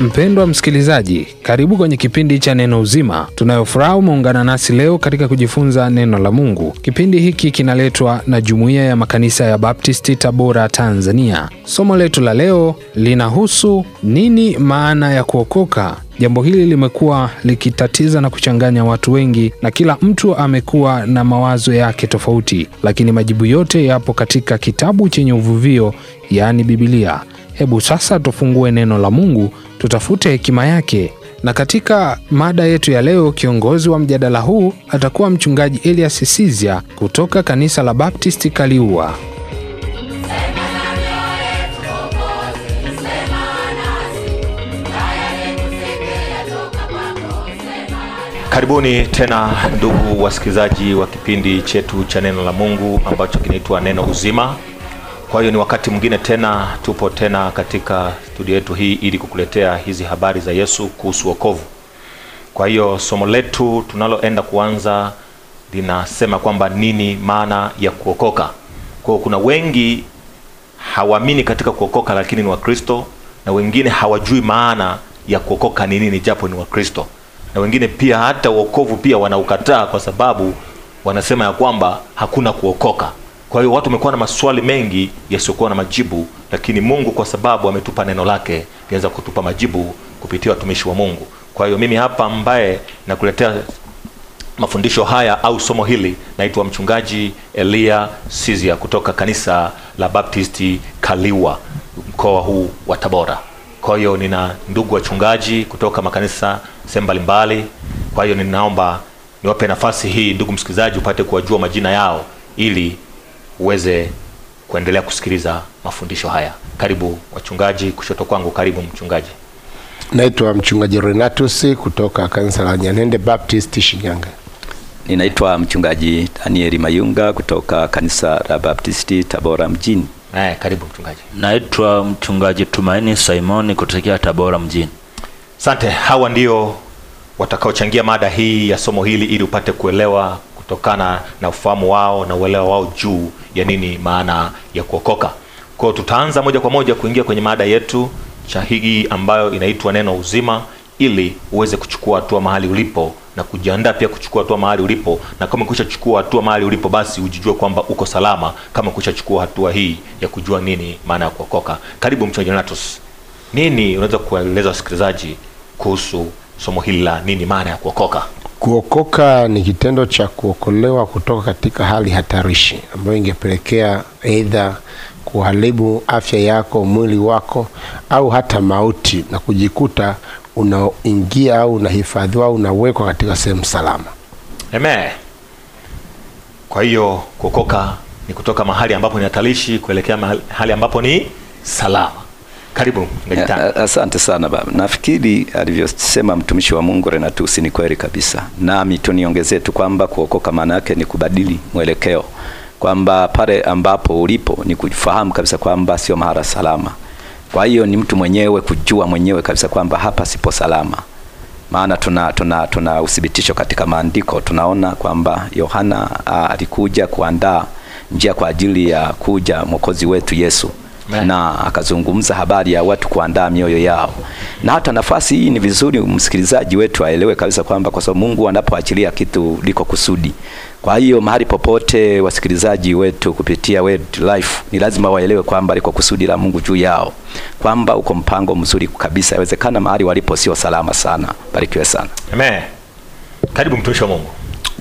Mpendwa msikilizaji, karibu kwenye kipindi cha Neno Uzima. Tunayofuraha umeungana nasi leo katika kujifunza neno la Mungu. Kipindi hiki kinaletwa na Jumuiya ya Makanisa ya Baptisti, Tabora, Tanzania. Somo letu la leo linahusu nini maana ya kuokoka. Jambo hili limekuwa likitatiza na kuchanganya watu wengi, na kila mtu amekuwa na mawazo yake tofauti, lakini majibu yote yapo katika kitabu chenye uvuvio, yaani Bibilia. Hebu sasa tufungue neno la Mungu tutafute hekima yake. Na katika mada yetu ya leo, kiongozi wa mjadala huu atakuwa Mchungaji Elias Sizia kutoka kanisa la Baptisti Kaliua. Karibuni tena ndugu wasikilizaji wa kipindi chetu cha neno la Mungu ambacho kinaitwa Neno Uzima. Kwa hiyo ni wakati mwingine tena tupo tena katika studio yetu hii ili kukuletea hizi habari za Yesu kuhusu wokovu. Kwa hiyo somo letu tunaloenda kuanza linasema kwamba nini maana ya kuokoka. Kwa hiyo kuna wengi hawaamini katika kuokoka, lakini ni Wakristo na wengine hawajui maana ya kuokoka ni nini, japo ni Wakristo na wengine pia hata wokovu pia wanaukataa kwa sababu wanasema ya kwamba hakuna kuokoka. Kwa hiyo watu wamekuwa na maswali mengi yasiyokuwa na majibu, lakini Mungu kwa sababu ametupa neno lake liweza kutupa majibu kupitia watumishi wa Mungu. Kwa hiyo mimi hapa ambaye nakuletea mafundisho haya au somo hili naitwa mchungaji Elia Sizia kutoka kanisa la Baptisti Kaliwa mkoa huu wa Tabora. Kwa hiyo nina ndugu wachungaji kutoka makanisa sehemu mbalimbali. Kwa hiyo ninaomba niwape nafasi hii, ndugu msikilizaji, upate kuwajua majina yao ili uweze kuendelea kusikiliza mafundisho haya. Karibu wachungaji, kushoto kwangu, karibu mchungaji. Naitwa mchungaji Renatus kutoka kanisa la Nyanende Baptist Shinyanga. Ninaitwa mchungaji Daniel Mayunga kutoka kanisa la Baptist Tabora mjini. Eh, karibu mchungaji. Naitwa mchungaji Tumaini Simoni kutokea Tabora mjini. Sante, hawa ndio watakaochangia mada hii ya somo hili ili upate kuelewa kutokana na ufahamu wao na uelewa wao juu ya nini maana ya kuokoka kwao tutaanza moja kwa moja kuingia kwenye mada yetu cha hii ambayo inaitwa neno uzima ili uweze kuchukua hatua mahali ulipo na kujiandaa pia kuchukua hatua mahali ulipo na kama kushachukua hatua mahali ulipo basi ujijue kwamba uko salama kama kushachukua hatua hii ya kujua nini maana ya kuokoka karibu Natus, nini unaweza kueleza wasikilizaji kuhusu somo hili la nini maana ya kuokoka Kuokoka ni kitendo cha kuokolewa kutoka katika hali hatarishi ambayo ingepelekea aidha kuharibu afya yako, mwili wako, au hata mauti, na kujikuta unaingia au unahifadhiwa au unawekwa katika sehemu salama. Amen. Kwa hiyo kuokoka ni kutoka mahali ambapo ni hatarishi kuelekea mahali ambapo ni salama. Karibu. asante sana baba. Nafikiri alivyosema mtumishi wa Mungu Renatus ni kweli kabisa, nami tuniongezee tu kwamba kuokoka maana yake ni kubadili mwelekeo, kwamba pale ambapo ulipo ni kufahamu kabisa kwamba sio mahala salama. Kwa hiyo ni mtu mwenyewe kujua mwenyewe kabisa kwamba hapa sipo salama, maana tuna tuna tuna uthibitisho katika maandiko, tunaona kwamba Yohana alikuja kuandaa njia kwa ajili ya kuja mwokozi wetu Yesu. Na akazungumza habari ya watu kuandaa mioyo yao, na hata nafasi hii ni vizuri msikilizaji wetu aelewe kabisa kwamba kwa sababu Mungu anapoachilia kitu liko kusudi. Kwa hiyo mahali popote wasikilizaji wetu kupitia Word Life ni lazima waelewe kwamba liko kusudi la Mungu juu yao, kwamba uko mpango mzuri kabisa. Inawezekana mahali walipo sio salama sana. Barikiwe sana. Amen. Karibu mtumishi wa Mungu.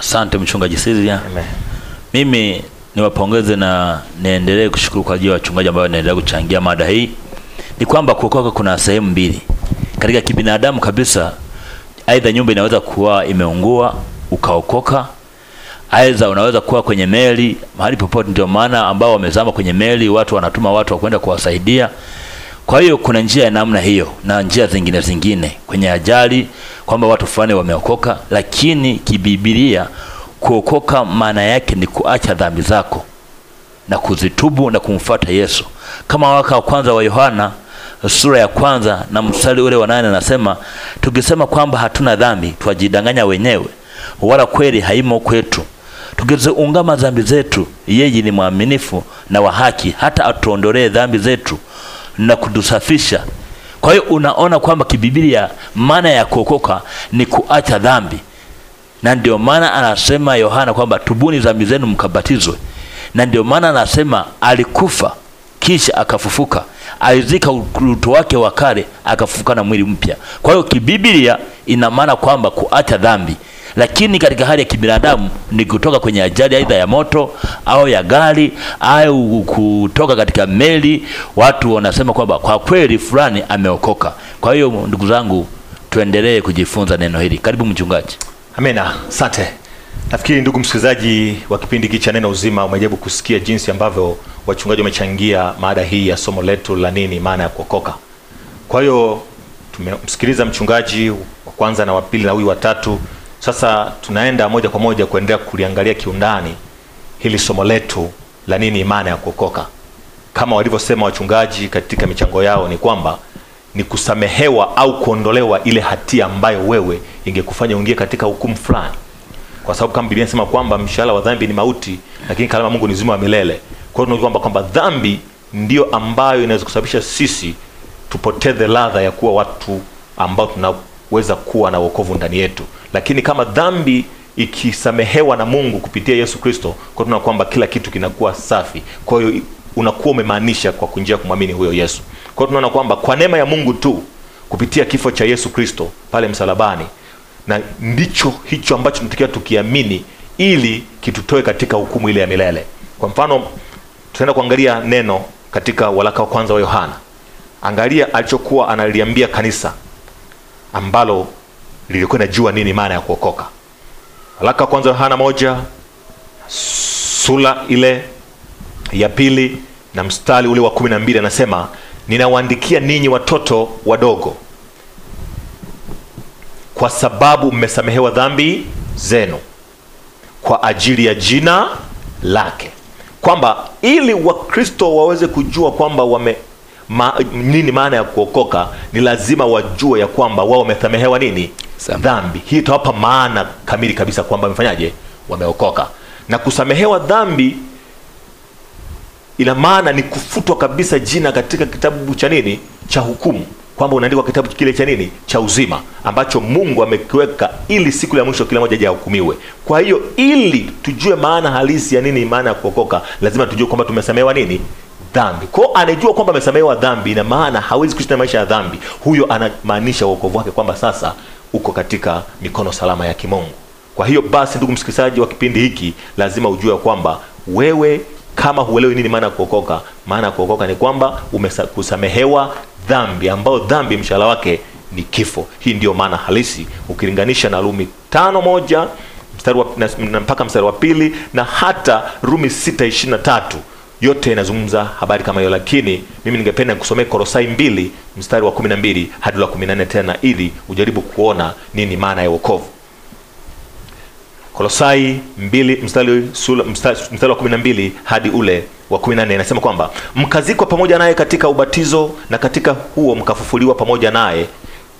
Asante mchungaji Silvia. Amen. Mimi niwapongeze na niendelee kushukuru kwa ajili ya wachungaji ambao wanaendelea kuchangia mada hii. Ni kwamba kuokoka kuna sehemu mbili katika kibinadamu kabisa, aidha nyumba inaweza kuwa imeungua ukaokoka, aidha unaweza kuwa kwenye meli mahali popote. Ndio maana ambao wamezama kwenye meli, watu wanatuma watu wa kwenda kuwasaidia. Kwa hiyo kuna njia ya namna hiyo na njia zingine zingine kwenye ajali, kwamba watu fulani wameokoka, lakini kibibilia Kuokoka maana yake ni kuacha dhambi zako na kuzitubu na kumfuata Yesu. Kama waraka wa kwanza wa Yohana sura ya kwanza na mstari ule wa nane anasema, tukisema kwamba hatuna dhambi twajidanganya wenyewe, wala kweli haimo kwetu. Tukiziungama dhambi zetu, yeye ni mwaminifu na wa haki, hata atuondolee dhambi zetu na kutusafisha. Kwa hiyo unaona kwamba kibiblia maana ya kuokoka ni kuacha dhambi na ndio maana anasema Yohana kwamba tubuni dhambi zenu mkabatizwe, na ndio maana anasema alikufa kisha akafufuka, alizika utu wake wa kale, akafufuka na mwili mpya. Kwa hiyo kibiblia ina maana kwamba kuacha dhambi, lakini katika hali ya kibinadamu ni kutoka kwenye ajali aidha ya moto au ya gari au kutoka katika meli. Watu wanasema kwamba kwa kweli fulani ameokoka. Kwa hiyo ndugu zangu, tuendelee kujifunza neno hili. Karibu mchungaji. Amina, asante. Nafikiri ndugu msikilizaji wa kipindi hiki cha Neno Uzima, umejaribu kusikia jinsi ambavyo wachungaji wamechangia maada hii ya somo letu la nini maana ya kuokoka. Kwa hiyo tumemsikiliza mchungaji wa kwanza na wa pili na huyu wa tatu. Sasa tunaenda moja kwa moja kuendelea kuliangalia kiundani hili somo letu la nini maana ya kuokoka. Kama walivyosema wachungaji katika michango yao, ni kwamba ni kusamehewa au kuondolewa ile hatia ambayo wewe ingekufanya uingie katika hukumu fulani, kwa sababu kama Biblia inasema kwamba mshahara wa dhambi ni mauti, lakini karama Mungu ni uzima wa milele. Kwa hiyo tunajua kwamba kwamba dhambi ndiyo ambayo inaweza kusababisha sisi tupoteze ladha ya kuwa watu ambao tunaweza kuwa na wokovu ndani yetu, lakini kama dhambi ikisamehewa na Mungu kupitia Yesu Kristo, kwa tuna kwamba kila kitu kinakuwa safi. Kwa hiyo unakuwa umemaanisha kwa kunjia kumwamini huyo Yesu. Kwa hiyo tunaona kwamba kwa neema ya Mungu tu kupitia kifo cha Yesu Kristo pale msalabani, na ndicho hicho ambacho tunatakiwa tukiamini ili kitutoe katika hukumu ile ya milele. Kwa mfano, tutaenda kuangalia neno katika waraka wa kwanza wa Yohana. Angalia alichokuwa analiambia kanisa ambalo lilikuwa linajua nini maana ya kuokoka. Waraka wa kwanza Yohana moja sura ile ya pili na mstari ule wa kumi na mbili anasema ninawaandikia ninyi watoto wadogo, kwa sababu mmesamehewa dhambi zenu kwa ajili ya jina lake, kwamba ili Wakristo waweze kujua kwamba wame ma, nini maana ya kuokoka, ni lazima wajue ya kwamba wao wamesamehewa nini dhambi. Hii itawapa maana kamili kabisa kwamba wamefanyaje, wameokoka na kusamehewa dhambi ila maana ni kufutwa kabisa jina katika kitabu cha nini cha hukumu, kwamba unaandikwa kitabu kile cha nini cha uzima ambacho Mungu amekiweka ili siku ya mwisho kila mmoja aje ahukumiwe. Kwa hiyo ili tujue maana halisi ya nini maana ya kuokoka, lazima tujue kwamba tumesamehewa nini dhambi. Kwa anajua kwamba amesamehewa dhambi, ina maana hawezi kuishi na maisha ya dhambi. Huyo anamaanisha uokovu wake kwamba sasa uko katika mikono salama ya Kimungu. Kwa hiyo basi, ndugu msikilizaji wa kipindi hiki, lazima ujue kwamba wewe kama huelewi nini maana kuokoka, maana kuokoka ni kwamba umekusamehewa dhambi, ambayo dhambi mshahara wake ni kifo. Hii ndiyo maana halisi, ukilinganisha na Rumi tano moja mstari wa, na, na mpaka mstari wa pili na hata Rumi sita ishirini na tatu yote inazungumza habari kama hiyo, lakini mimi ningependa kusomea korosai mbili mstari wa kumi na mbili hadi la kumi na nne tena ili ujaribu kuona nini maana ya uokovu Kolosai mbili mstari, mstari wa 12 hadi ule wa 14 inasema kwamba mkazikwa pamoja naye katika ubatizo na katika huo mkafufuliwa pamoja naye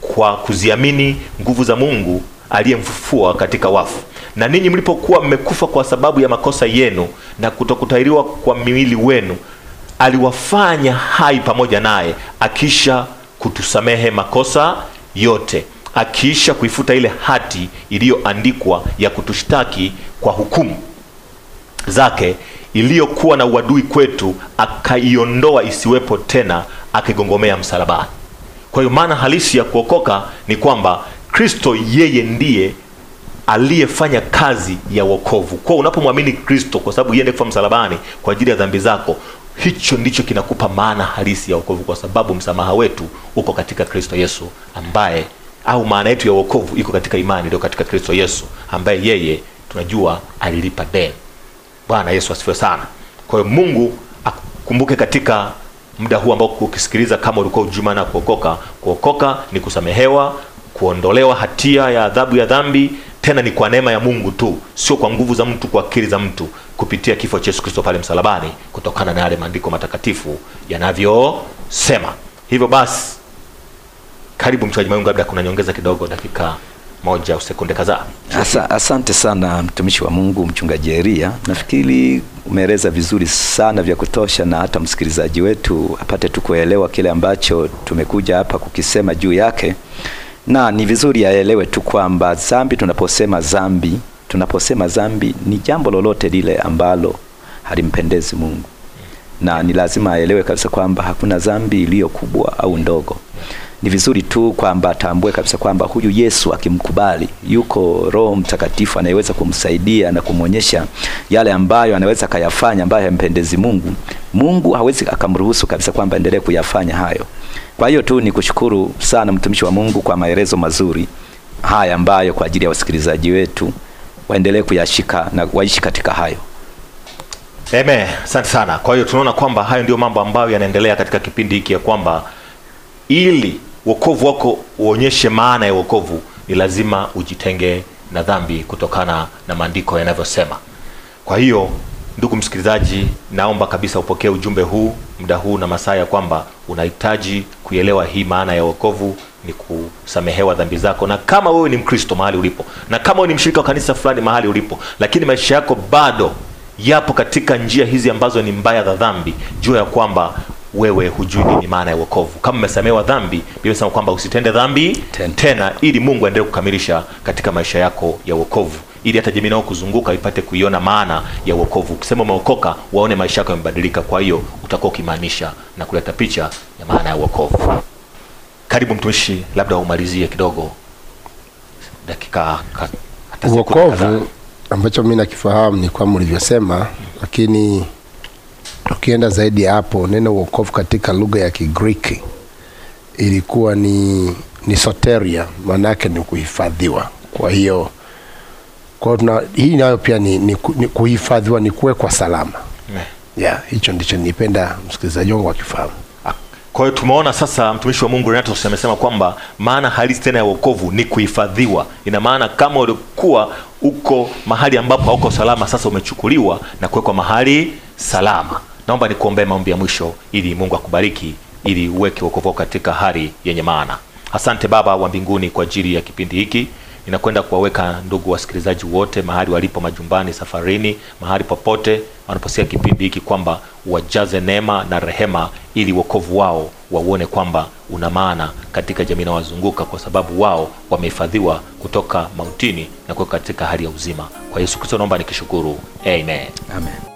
kwa kuziamini nguvu za Mungu aliyemfufua katika wafu. Na ninyi mlipokuwa mmekufa kwa sababu ya makosa yenu na kutokutahiriwa kwa miili wenu, aliwafanya hai pamoja naye, akisha kutusamehe makosa yote akiisha kuifuta ile hati iliyoandikwa ya kutushtaki kwa hukumu zake iliyokuwa na uadui kwetu, akaiondoa isiwepo tena, akigongomea msalabani. Kwa hiyo maana halisi ya kuokoka ni kwamba Kristo yeye ndiye aliyefanya kazi ya wokovu. Kwa unapomwamini Kristo, kwa sababu yeye ndiye kufa msalabani kwa ajili ya dhambi zako, hicho ndicho kinakupa maana halisi ya wokovu, kwa sababu msamaha wetu uko katika Kristo Yesu ambaye au maana yetu ya wokovu iko katika imani ndio katika Kristo Yesu ambaye yeye tunajua alilipa deni. Bwana Yesu asifiwe sana. Kwa hiyo Mungu akumbuke katika muda huu ambao ukisikiliza, kama ulikuwa ujuma na kuokoka. Kuokoka ni kusamehewa, kuondolewa hatia ya adhabu ya dhambi, tena ni kwa neema ya Mungu tu, sio kwa nguvu za mtu, kwa akili za mtu, kupitia kifo cha Yesu Kristo pale msalabani, kutokana na yale maandiko matakatifu yanavyosema. Hivyo basi karibu mchungaji Mayunga, labda kuna nyongeza kidogo, dakika moja au sekunde kadhaa. Asa, asante sana mtumishi wa Mungu mchungaji Elia, nafikiri umeeleza vizuri sana vya kutosha, na hata msikilizaji wetu apate tu kuelewa kile ambacho tumekuja hapa kukisema juu yake, na ni vizuri aelewe tu kwamba dhambi, tunaposema dhambi, tunaposema dhambi ni jambo lolote lile ambalo halimpendezi Mungu, na ni lazima aelewe kabisa kwamba hakuna dhambi iliyo kubwa au ndogo ni vizuri tu kwamba tambue kabisa kwamba huyu Yesu akimkubali, yuko Roho Mtakatifu anayeweza kumsaidia na kumwonyesha yale ambayo anaweza akayafanya ambayo yampendezi Mungu. Mungu hawezi akamruhusu kabisa kwamba endelee kuyafanya hayo. Kwa hiyo tu nikushukuru sana mtumishi wa Mungu kwa maelezo mazuri haya ambayo kwa ajili ya wasikilizaji wetu waendelee kuyashika na waishi katika hayo. Amen. Asante sana. Kwa hiyo tunaona kwamba hayo ndio mambo ambayo yanaendelea katika kipindi hiki ya kwamba ili wokovu wako uonyeshe maana ya wokovu, ni lazima ujitenge na dhambi kutokana na maandiko yanavyosema. Kwa hiyo ndugu msikilizaji, naomba kabisa upokee ujumbe huu muda huu na masaa ya kwamba unahitaji kuielewa hii maana ya wokovu ni kusamehewa dhambi zako, na kama wewe ni Mkristo mahali ulipo, na kama wewe ni mshirika wa kanisa fulani mahali ulipo, lakini maisha yako bado yapo katika njia hizi ambazo ni mbaya za dhambi, jua ya kwamba wewe hujui nini maana ya wokovu. Kama umesamewa dhambi, Biblia inasema kwamba usitende dhambi Ten. tena ili Mungu aendelee kukamilisha katika maisha yako ya wokovu ili hata jamii nao kuzunguka ipate kuiona maana ya wokovu. Ukisema umeokoka, waone maisha yako yamebadilika. Kwa hiyo utakuwa ukimaanisha na kuleta picha ya maana ya wokovu. Karibu mtumishi, labda umalizie kidogo, dakika hata wokovu ambacho mimi nakifahamu ni kama ulivyosema, lakini Tukienda zaidi ya hapo, neno wokovu katika lugha ya Kigiriki ilikuwa ni, ni soteria, maana yake ni kuhifadhiwa. Kwa hiyo kwa tuna, hii nayo pia ni, ni, ni kuhifadhiwa, ni kuwekwa salama eh. yeah, hicho ndicho nipenda msikilizaji wangu akifahamu. Ah, kwa hiyo tumeona sasa mtumishi wa Mungu Renatus amesema kwamba maana halisi tena ya wokovu ni kuhifadhiwa. Ina maana kama ulikuwa uko mahali ambapo hauko salama, sasa umechukuliwa na kuwekwa mahali salama. Naomba nikuombee maombi ya mwisho ili Mungu akubariki, ili uweke wokovu katika hali yenye maana. Asante Baba wa mbinguni kwa ajili ya kipindi hiki ninakwenda kuwaweka ndugu wasikilizaji wote mahali walipo, majumbani, safarini, mahali popote wanaposikia kipindi hiki, kwamba wajaze neema na rehema, ili wokovu wao wauone kwamba una maana katika jamii inaowazunguka kwa sababu wao wamehifadhiwa kutoka mautini na kuweka katika hali ya uzima. Kwa Yesu Kristo naomba nikishukuru, amen, amen.